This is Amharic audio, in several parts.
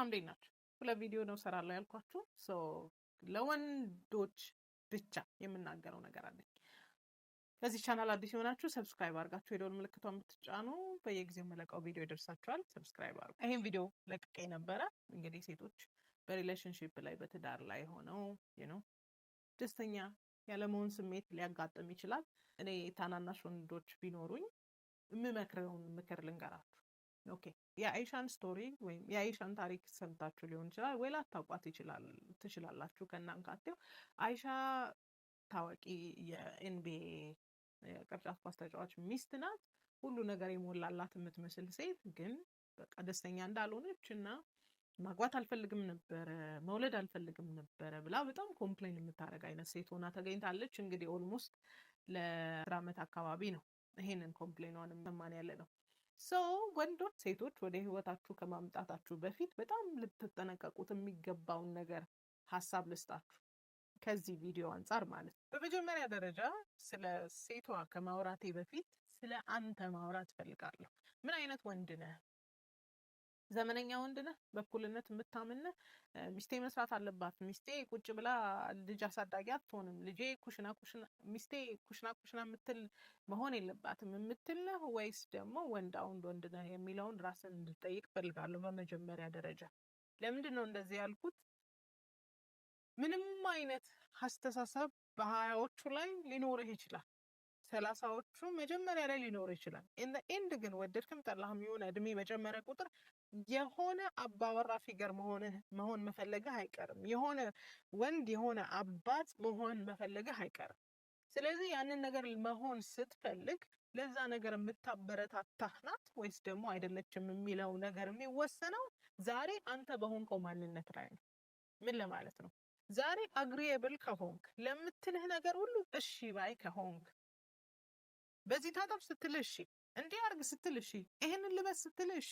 ሰላም እንዴት ናችሁ? ሁለት ቪዲዮ ነው ሰራለሁ ያልኳችሁ። ለወንዶች ብቻ የምናገረው ነገር አለኝ። ለዚህ ቻናል አዲስ የሆናችሁ ሰብስክራይብ አድርጋችሁ የደወል ምልክቷ የምትጫኑ በየጊዜው መለቀው ቪዲዮ ይደርሳችኋል። ሰብስክራይብ አድርጉ። ይህም ቪዲዮ ለቅቄ ነበረ። እንግዲህ ሴቶች በሪሌሽንሽፕ ላይ በትዳር ላይ ሆነው ነው ደስተኛ ያለመሆን ስሜት ሊያጋጥም ይችላል። እኔ ታናናሽ ወንዶች ቢኖሩኝ የምመክረውን ምክር ልንገራችሁ። ኦኬ የአይሻን ስቶሪ ወይም የአይሻን ታሪክ ሰምታችሁ ሊሆን ይችላል ወይ ላታውቋት ትችላላችሁ። ከእናንካቴው አይሻ ታዋቂ የኤንቢኤ የቅርጫት ኳስ ተጫዋች ሚስት ናት። ሁሉ ነገር የሞላላት የምትመስል ሴት ግን በቃ ደስተኛ እንዳልሆነች እና ማግባት አልፈልግም ነበረ መውለድ አልፈልግም ነበረ ብላ በጣም ኮምፕሌን የምታደርግ አይነት ሴት ሆና ተገኝታለች። እንግዲህ ኦልሞስት ለአስር ዓመት አካባቢ ነው ይሄንን ኮምፕሌኗን ሰማን ያለ ነው። ሰው ወንዶች ሴቶች ወደ ህይወታችሁ ከማምጣታችሁ በፊት በጣም ልትጠነቀቁት የሚገባውን ነገር ሀሳብ ልስጣችሁ ከዚህ ቪዲዮ አንጻር ማለት ነው። በመጀመሪያ ደረጃ ስለ ሴቷ ከማውራቴ በፊት ስለ አንተ ማውራት እፈልጋለሁ ምን አይነት ወንድ ነህ? ዘመነኛ ወንድ ነህ፣ በኩልነት የምታምን ሚስቴ መስራት አለባት፣ ሚስቴ ቁጭ ብላ ልጅ አሳዳጊ አትሆንም፣ ልጄ ኩሽና ኩሽና ሚስቴ ኩሽና ኩሽና የምትል መሆን የለባትም የምትል ነህ ወይስ ደግሞ ወንድ አውንድ ወንድ ነህ የሚለውን ራስን እንድጠይቅ ፈልጋለሁ። በመጀመሪያ ደረጃ ለምንድን ነው እንደዚህ ያልኩት? ምንም አይነት አስተሳሰብ በሀያዎቹ ላይ ሊኖርህ ይችላል። ሰላሳዎቹ መጀመሪያ ላይ ሊኖር ይችላል። ኤንድ ግን ወደድክም ጠላህም የሆነ እድሜ በጨመረ ቁጥር የሆነ አባወራ ፊገር መሆን መፈለግህ አይቀርም። የሆነ ወንድ የሆነ አባት መሆን መፈለግህ አይቀርም። ስለዚህ ያንን ነገር መሆን ስትፈልግ ለዛ ነገር የምታበረታታህ ናት ወይስ ደግሞ አይደለችም የሚለው ነገር የሚወሰነው ዛሬ አንተ በሆንከው ማንነት ላይ ነው። ምን ለማለት ነው? ዛሬ አግሪየብል ከሆንክ ለምትልህ ነገር ሁሉ እሺ ባይ ከሆንክ በዚህ ታጠብ ስትል እሺ፣ እንዲህ አርግ ስትል እሺ፣ ይህንን ልበስ ስትል እሺ፣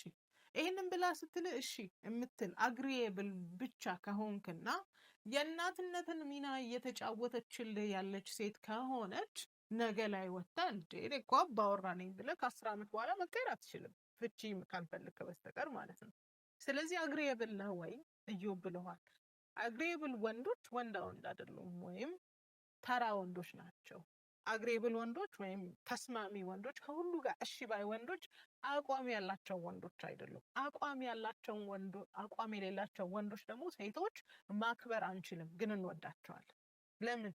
ይህንን ብላ ስትል እሺ የምትል አግሪየብል ብቻ ከሆንክና የእናትነትን ሚና እየተጫወተችልህ ያለች ሴት ከሆነች ነገ ላይ ወጥታ እንዴ እኔ እኮ አባወራ ነኝ ብለህ ከአስር ዓመት በኋላ መቀየር አትችልም፣ ፍቺ ካልፈለግክ በስተቀር ማለት ነው። ስለዚህ አግሪየብል ነህ ወይ እዩ ብለዋል። አግሪየብል ወንዶች ወንዳ ወንድ አይደሉም፣ ወይም ተራ ወንዶች ናቸው። አግሬብል ወንዶች ወይም ተስማሚ ወንዶች ከሁሉ ጋር እሺ ባይ ወንዶች አቋም ያላቸው ወንዶች አይደሉም። አቋም ያላቸው ወንዶ አቋም የሌላቸው ወንዶች ደግሞ ሴቶች ማክበር አንችልም፣ ግን እንወዳቸዋለን። ለምን?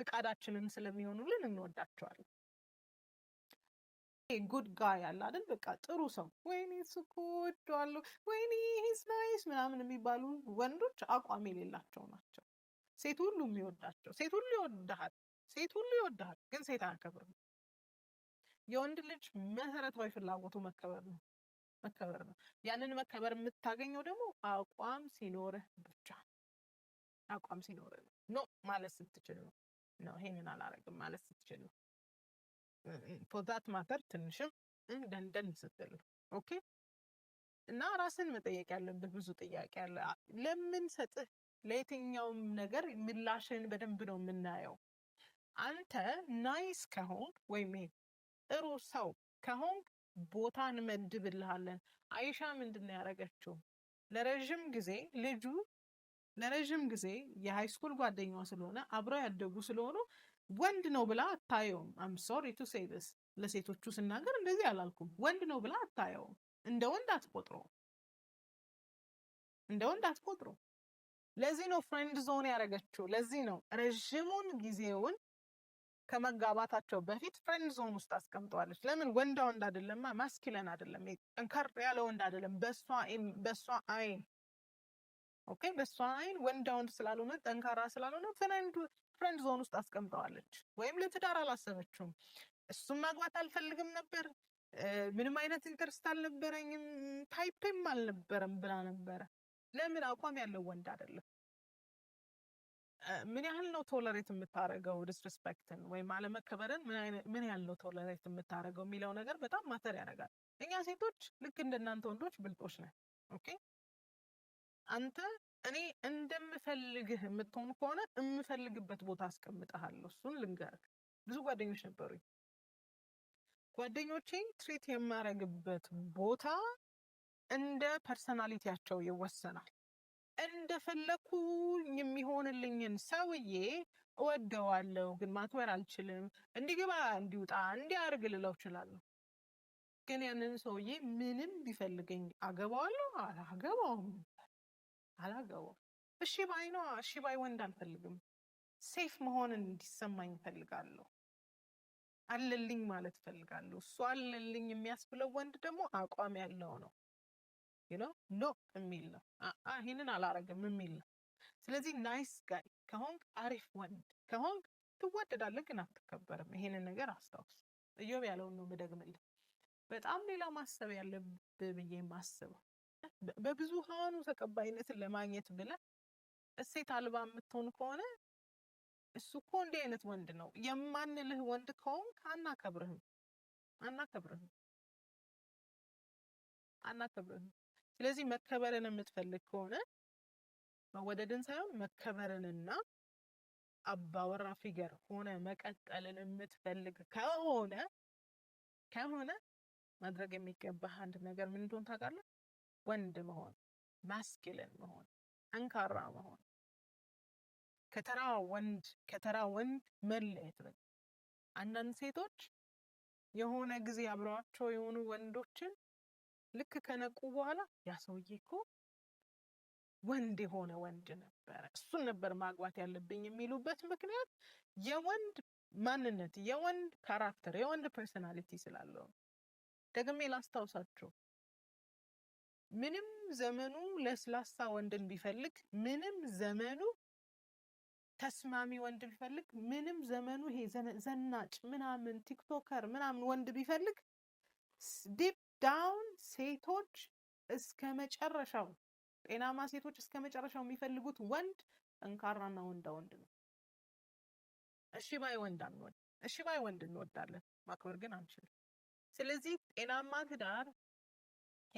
ፍቃዳችንን ስለሚሆኑልን እንወዳቸዋለን። ጉድ ጋይ ያለ አይደል? በቃ ጥሩ ሰው ወይኔ ስኮ ወደዋለሁ ወይኔ ሂስ ናይስ ምናምን የሚባሉ ወንዶች አቋም የሌላቸው ናቸው። ሴት ሁሉ የሚወዳቸው ሴት ሁሉ ይወድሃል ሴት ሁሉ ይወድሃል፣ ግን ሴት አያከብርም። የወንድ ልጅ መሰረታዊ ፍላጎቱ መከበር ነው መከበር ነው። ያንን መከበር የምታገኘው ደግሞ አቋም ሲኖርህ ብቻ አቋም ሲኖርህ ነው። ኖ ማለት ስትችል ነው። ኖ ይሄንን አላረግም ማለት ስትችል ነው። ፖዛት ማተር ትንሽም እንደንደን ስትል ኦኬ እና ራስን መጠየቅ ያለብህ ብዙ ጥያቄ አለ። ለምን ሰጥህ ለየትኛውም ነገር ምላሽን በደንብ ነው የምናየው። አንተ ናይስ ከሆን ወይም ጥሩ ሰው ከሆን ቦታ እንመድብልሃለን። አይሻ ምንድን ነው ያደረገችው? ለረዥም ጊዜ ልጁ ለረዥም ጊዜ የሃይስኩል ጓደኛዋ ስለሆነ አብረው ያደጉ ስለሆኑ ወንድ ነው ብላ አታየውም። አም ሶሪ ቱ ሴይ ዲስ ለሴቶቹ ስናገር እንደዚህ አላልኩም። ወንድ ነው ብላ አታየውም። እንደ ወንድ አትቆጥሮ እንደ ወንድ አትቆጥሮ። ለዚህ ነው ፍሬንድ ዞን ያደረገችው። ለዚህ ነው ረዥሙን ጊዜውን ከመጋባታቸው በፊት ፍሬንድ ዞን ውስጥ አስቀምጠዋለች። ለምን ወንዳ ወንድ አይደለማ፣ ማስኪለን አደለም፣ ጠንካር ያለ ወንድ አይደለም። በሷ አይን ኦኬ፣ በሷ አይን ወንዳ ወንድ ስላልሆነ ጠንካራ ስላልሆነ ፍሬንድ ዞን ውስጥ አስቀምጠዋለች። ወይም ለትዳር አላሰበችውም። እሱም ማግባት አልፈልግም ነበር፣ ምንም አይነት ኢንተርስት አልነበረኝም፣ ታይፔም አልነበረም ብላ ነበረ። ለምን አቋም ያለው ወንድ አይደለም። ምን ያህል ነው ቶለሬት የምታደርገው ዲስሪስፔክትን ወይም አለመከበርን ምን ያህል ነው ቶለሬት የምታደርገው የሚለው ነገር በጣም ማተር ያደርጋል። እኛ ሴቶች ልክ እንደናንተ ወንዶች ብልጦች ነን። ኦኬ አንተ እኔ እንደምፈልግህ የምትሆን ከሆነ የምፈልግበት ቦታ አስቀምጠሃለሁ። እሱን ልንገርህ፣ ብዙ ጓደኞች ነበሩኝ። ጓደኞቼ ትሪት የማደርግበት ቦታ እንደ ፐርሰናሊቲያቸው ይወሰናል። እንደፈለግኩኝ የሚሆንልኝን ሰውዬ እወደዋለሁ፣ ግን ማክበር አልችልም። እንዲገባ እንዲውጣ እንዲያርግ ልለው እችላለሁ። ግን ያንን ሰውዬ ምንም ቢፈልገኝ አገባዋለሁ? አላገባውም። አላገባውም። እሺ ባይ ነው። እሺ ባይ ወንድ አልፈልግም። ሴፍ መሆን እንዲሰማኝ እፈልጋለሁ። አለልኝ ማለት እፈልጋለሁ። እሱ አለልኝ የሚያስብለው ወንድ ደግሞ አቋም ያለው ነው። ነው ኖ የሚል ነው። ይህንን አላረግም የሚል ነው። ስለዚህ ናይስ ጋይ ከሆንክ አሪፍ ወንድ ከሆንክ ትወደዳለህ፣ ግን አትከበርም። ይሄንን ነገር አስታውስ። እዮብ ያለውን ነው ምደግምልህ። በጣም ሌላ ማሰብ ያለብህ ብዬ ማስበው በብዙሃኑ ተቀባይነትን ለማግኘት ብለህ እሴት አልባ የምትሆን ከሆነ እሱ እኮ እንዲህ አይነት ወንድ ነው የማንልህ ወንድ ከሆንክ አናከብርህም፣ አናከብርህም፣ አናከብርህም። ስለዚህ መከበርን የምትፈልግ ከሆነ መወደድን ሳይሆን መከበርንና አባወራ ፊገር ሆነ መቀጠልን የምትፈልግ ከሆነ ከሆነ ማድረግ የሚገባህ አንድ ነገር ምን እንደሆነ ታውቃለህ? ወንድ መሆን፣ ማስኪልን መሆን፣ ጠንካራ መሆን፣ ከተራ ወንድ ከተራ ወንድ መለየት። አንዳንድ ሴቶች የሆነ ጊዜ አብረዋቸው የሆኑ ወንዶችን ልክ ከነቁ በኋላ ያ ሰውዬ እኮ ወንድ የሆነ ወንድ ነበረ፣ እሱን ነበር ማግባት ያለብኝ የሚሉበት ምክንያት የወንድ ማንነት፣ የወንድ ካራክተር፣ የወንድ ፐርሶናሊቲ ስላለው ደግሜ ላስታውሳችሁ ምንም ዘመኑ ለስላሳ ወንድን ቢፈልግ፣ ምንም ዘመኑ ተስማሚ ወንድ ቢፈልግ፣ ምንም ዘመኑ ይሄ ዘናጭ ምናምን ቲክቶከር ምናምን ወንድ ቢፈልግ ዲፕ ዳውን ሴቶች እስከ መጨረሻው ጤናማ ሴቶች እስከ መጨረሻው የሚፈልጉት ወንድ ጠንካራና ወንዳ ወንድ ነው። እሺ ባይ ወንድ አንወድ፣ እሺ ባይ ወንድ እንወዳለን፣ ማክበር ግን አንችልም። ስለዚህ ጤናማ ትዳር፣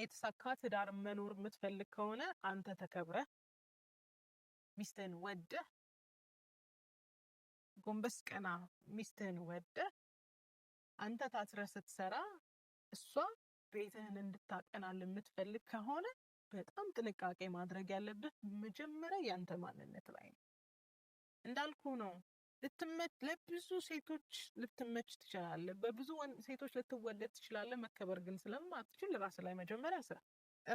የተሳካ ትዳር መኖር የምትፈልግ ከሆነ አንተ ተከብረ ሚስትህን ወደ ጎንበስ ቀና ሚስትህን ወደ አንተ ታትረ ስትሰራ እሷ ቤትህን እንድታቀናል የምትፈልግ ከሆነ በጣም ጥንቃቄ ማድረግ ያለብህ መጀመሪያ ያንተ ማንነት ላይ ነው። እንዳልኩ ነው ልትመች ለብዙ ሴቶች ልትመች ትችላለ፣ በብዙ ሴቶች ልትወለድ ትችላለ። መከበር ግን ስለማትችል ራስ ላይ መጀመሪያ ስራ።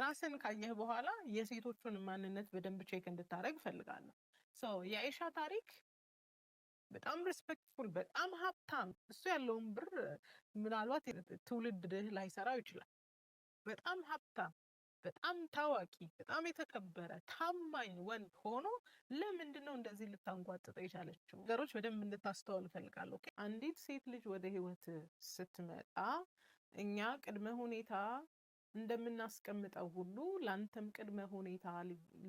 ራስን ካየህ በኋላ የሴቶቹን ማንነት በደንብ ቼክ እንድታደረግ እፈልጋለሁ። የአይሻ ታሪክ በጣም ሬስፔክትፉል፣ በጣም ሀብታም እሱ ያለውን ብር ምናልባት ትውልድ ድህ ላይሰራው ይችላል። በጣም ሀብታም፣ በጣም ታዋቂ፣ በጣም የተከበረ ታማኝ ወንድ ሆኖ ለምንድን ነው እንደዚህ ልታንጓጥጠው የቻለችው? ነገሮች በደንብ እንድታስተዋል እፈልጋለሁ። አንዲት ሴት ልጅ ወደ ህይወት ስትመጣ እኛ ቅድመ ሁኔታ እንደምናስቀምጠው ሁሉ ለአንተም ቅድመ ሁኔታ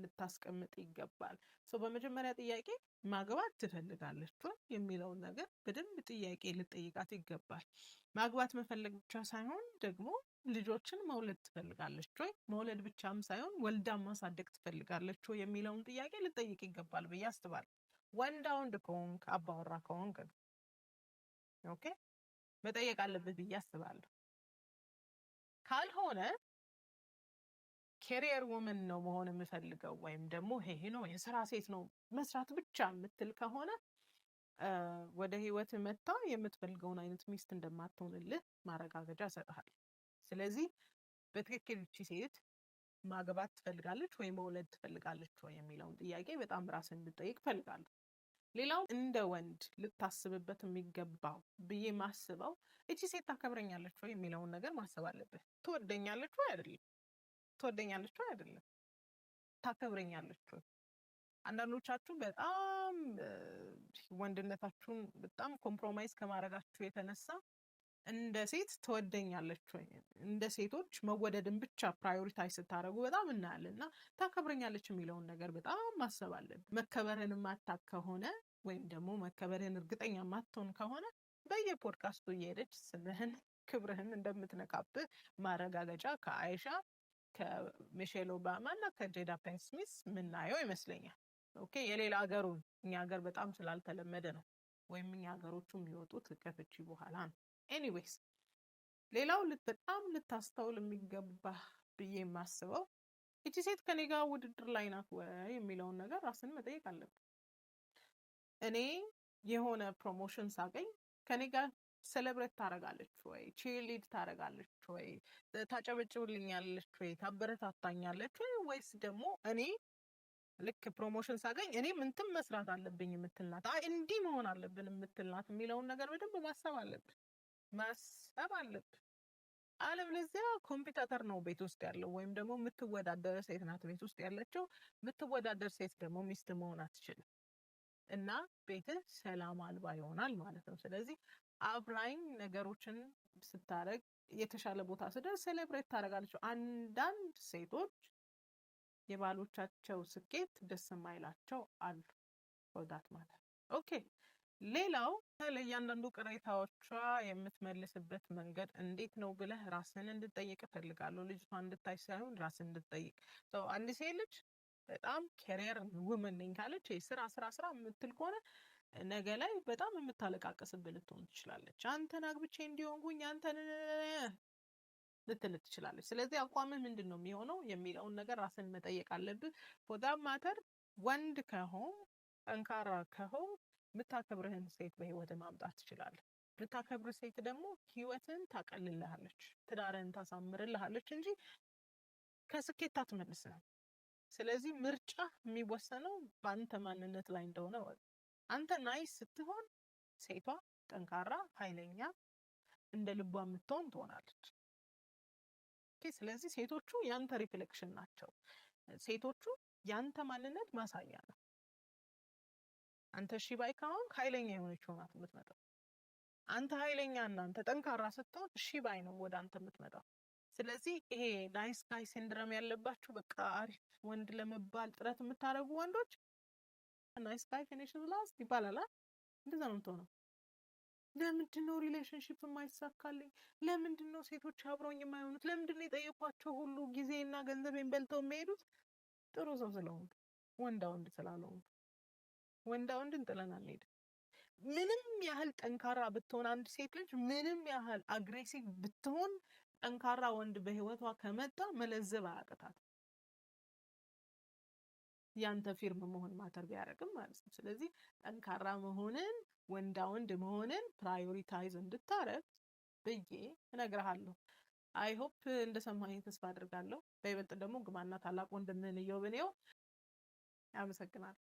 ልታስቀምጥ ይገባል። ሰው በመጀመሪያ ጥያቄ ማግባት ትፈልጋለች የሚለውን ነገር በደንብ ጥያቄ ልጠይቃት ይገባል። ማግባት መፈለግ ብቻ ሳይሆን ደግሞ ልጆችን መውለድ ትፈልጋለች ወይ? መውለድ ብቻም ሳይሆን ወልዳ ማሳደግ ትፈልጋለች ወይ የሚለውን ጥያቄ ልጠይቅ ይገባል ብዬ አስባለሁ። ወንዳ ወንድ ከሆንክ አባወራ ከሆንክ ኦኬ መጠየቅ አለበት ብዬ አስባለሁ። ካልሆነ ኬሪየር ውመን ነው መሆን የምፈልገው ወይም ደግሞ ይሄ ነው የስራ ሴት ነው መስራት ብቻ የምትል ከሆነ ወደ ህይወት መታ የምትፈልገውን አይነት ሚስት እንደማትሆንልህ ማረጋገጫ ሰጥሃል። ስለዚህ በትክክል እቺ ሴት ማግባት ትፈልጋለች ወይ መውለድ ትፈልጋለች ወይ የሚለውን ጥያቄ በጣም ራስን እንድጠይቅ ፈልጋለሁ። ሌላው እንደ ወንድ ልታስብበት የሚገባው ብዬ ማስበው እቺ ሴት ታከብረኛለች ወይ የሚለውን ነገር ማሰብ አለብህ። ትወደኛለች ወይ አይደለም፣ ትወደኛለች ወይ አይደለም፣ ታከብረኛለች ወይ። አንዳንዶቻችሁ በጣም ወንድነታችሁን በጣም ኮምፕሮማይዝ ከማድረጋችሁ የተነሳ እንደ ሴት ትወደኛለች ወይ? እንደ ሴቶች መወደድን ብቻ ፕራዮሪታይ ስታደረጉ በጣም እናያለን እና ታከብረኛለች የሚለውን ነገር በጣም ማሰብ አለብን። መከበርን ማታ ከሆነ ወይም ደግሞ መከበርን እርግጠኛ ማትሆን ከሆነ በየፖድካስቱ እየሄደች ስምህን፣ ክብርህን እንደምትነካብህ ማረጋገጫ ከአይሻ ከሚሼል ኦባማ እና ከጄዳ ፒንክ የምናየው ይመስለኛል። ኦኬ የሌላ ሀገሩን እኛ ሀገር በጣም ስላልተለመደ ነው ወይም እኛ ሀገሮቹ የሚወጡት ከፍቺ በኋላ ነው። ኤኒዌይስ ሌላው በጣም ልታስተውል የሚገባ ብዬ የማስበው እቺ ሴት ከኔ ጋር ውድድር ላይ ናት ወይ የሚለውን ነገር ራስን መጠየቅ አለብን። እኔ የሆነ ፕሮሞሽን ሳገኝ ከኔ ጋር ሴሌብሬት ታደረጋለች ወይ፣ ቺርሊድ ታደረጋለች ወይ፣ ታጨበጭብልኛለች ወይ፣ ታበረታታኛለች ወይ ወይስ ደግሞ እኔ ልክ ፕሮሞሽን ሳገኝ እኔ ምንትም መስራት አለብኝ የምትልናት፣ እንዲህ መሆን አለብን የምትልናት የሚለውን ነገር በደንብ ማሰብ አለብን። ማሰብ አለብን። ለዚያ ኮምፒውተር ነው ቤት ውስጥ ያለው፣ ወይም ደግሞ የምትወዳደር ሴት ናት ቤት ውስጥ ያለችው። የምትወዳደር ሴት ደግሞ ሚስት መሆን አትችልም እና ቤት ሰላም አልባ ይሆናል ማለት ነው። ስለዚህ አብራኝ ነገሮችን ስታረግ የተሻለ ቦታ ስደርስ ሴሌብሬት ታደርጋለች። አንዳንድ ሴቶች የባሎቻቸው ስኬት ደስ የማይላቸው አሉ። ወዳት ማለት ኦኬ ሌላው ለእያንዳንዱ ቅሬታዎቿ የምትመልስበት መንገድ እንዴት ነው ብለህ ራስን እንድጠይቅ እፈልጋለሁ። ልጅቷ እንድታይ ሳይሆን ራስን እንድጠይቅ አንድ ሴት ልጅ በጣም ኬሪየር ውመን ነኝ ካለች ስራ ስራ ስራ የምትል ከሆነ ነገ ላይ በጣም የምታለቃቀስብህ ልትሆን ትችላለች። አንተን አግብቼ እንዲሆንኩኝ አንተን ልትል ትችላለች። ስለዚህ አቋምህ ምንድን ነው የሚሆነው የሚለውን ነገር ራስን መጠየቅ አለብህ። ፎር ማተር ወንድ ከሆን ጠንካራ ከሆን የምታከብርህን ሴት በህይወት ማምጣት ትችላለህ። የምታከብር ሴት ደግሞ ህይወትን ታቀልልሃለች፣ ትዳርን ታሳምርልሃለች እንጂ ከስኬት አትመልስህም። ስለዚህ ምርጫ የሚወሰነው በአንተ ማንነት ላይ እንደሆነ አንተ ናይስ ስትሆን ሴቷ ጠንካራ፣ ኃይለኛ፣ እንደ ልቧ የምትሆን ትሆናለች። ስለዚህ ሴቶቹ ያንተ ሪፍሌክሽን ናቸው። ሴቶቹ ያንተ ማንነት ማሳያ ነው። አንተ እሺ ባይ ከሆንክ ኃይለኛ የሆነችው ናት የምትመጣው። አንተ ኃይለኛ እና አንተ ጠንካራ ስትሆን እሺ ባይ ነው ወደ አንተ የምትመጣው። ስለዚህ ይሄ ናይስ ጋይ ሲንድረም ያለባችሁ በቃ አሪፍ ወንድ ለመባል ጥረት የምታደርጉ ወንዶች ናይስ ጋይ ፊኒሽስ ላስት ይባላል። እንደዛ ነው የምትሆነው። ለምንድን ነው ሪሌሽንሽፕ የማይሳካልኝ? ለምንድን ነው ሴቶች አብረውኝ የማይሆኑት? ለምንድን ነው የጠየኳቸው ሁሉ ጊዜና ገንዘቤን በልተው የሚሄዱት? ጥሩ ሰው ስለሆንኩ፣ ወንዳ ወንድ ወንዳ ወንድን ጥለን አንሄድም። ምንም ያህል ጠንካራ ብትሆን አንድ ሴት ልጅ ምንም ያህል አግሬሲቭ ብትሆን ጠንካራ ወንድ በህይወቷ ከመጣ መለዘብ አያቅታት። ያንተ ፊርም መሆን ማተር ቢያደርግም ማለት ነው። ስለዚህ ጠንካራ መሆንን ወንዳ ወንድ መሆንን ፕራዮሪታይዝ እንድታረግ ብዬ እነግርሃለሁ። ሆፕ እንደሰማኝ ተስፋ አድርጋለሁ። በይበልጥ ደግሞ ግማና ታላቅ ወንድምህን እየውብንየው። አመሰግናለሁ።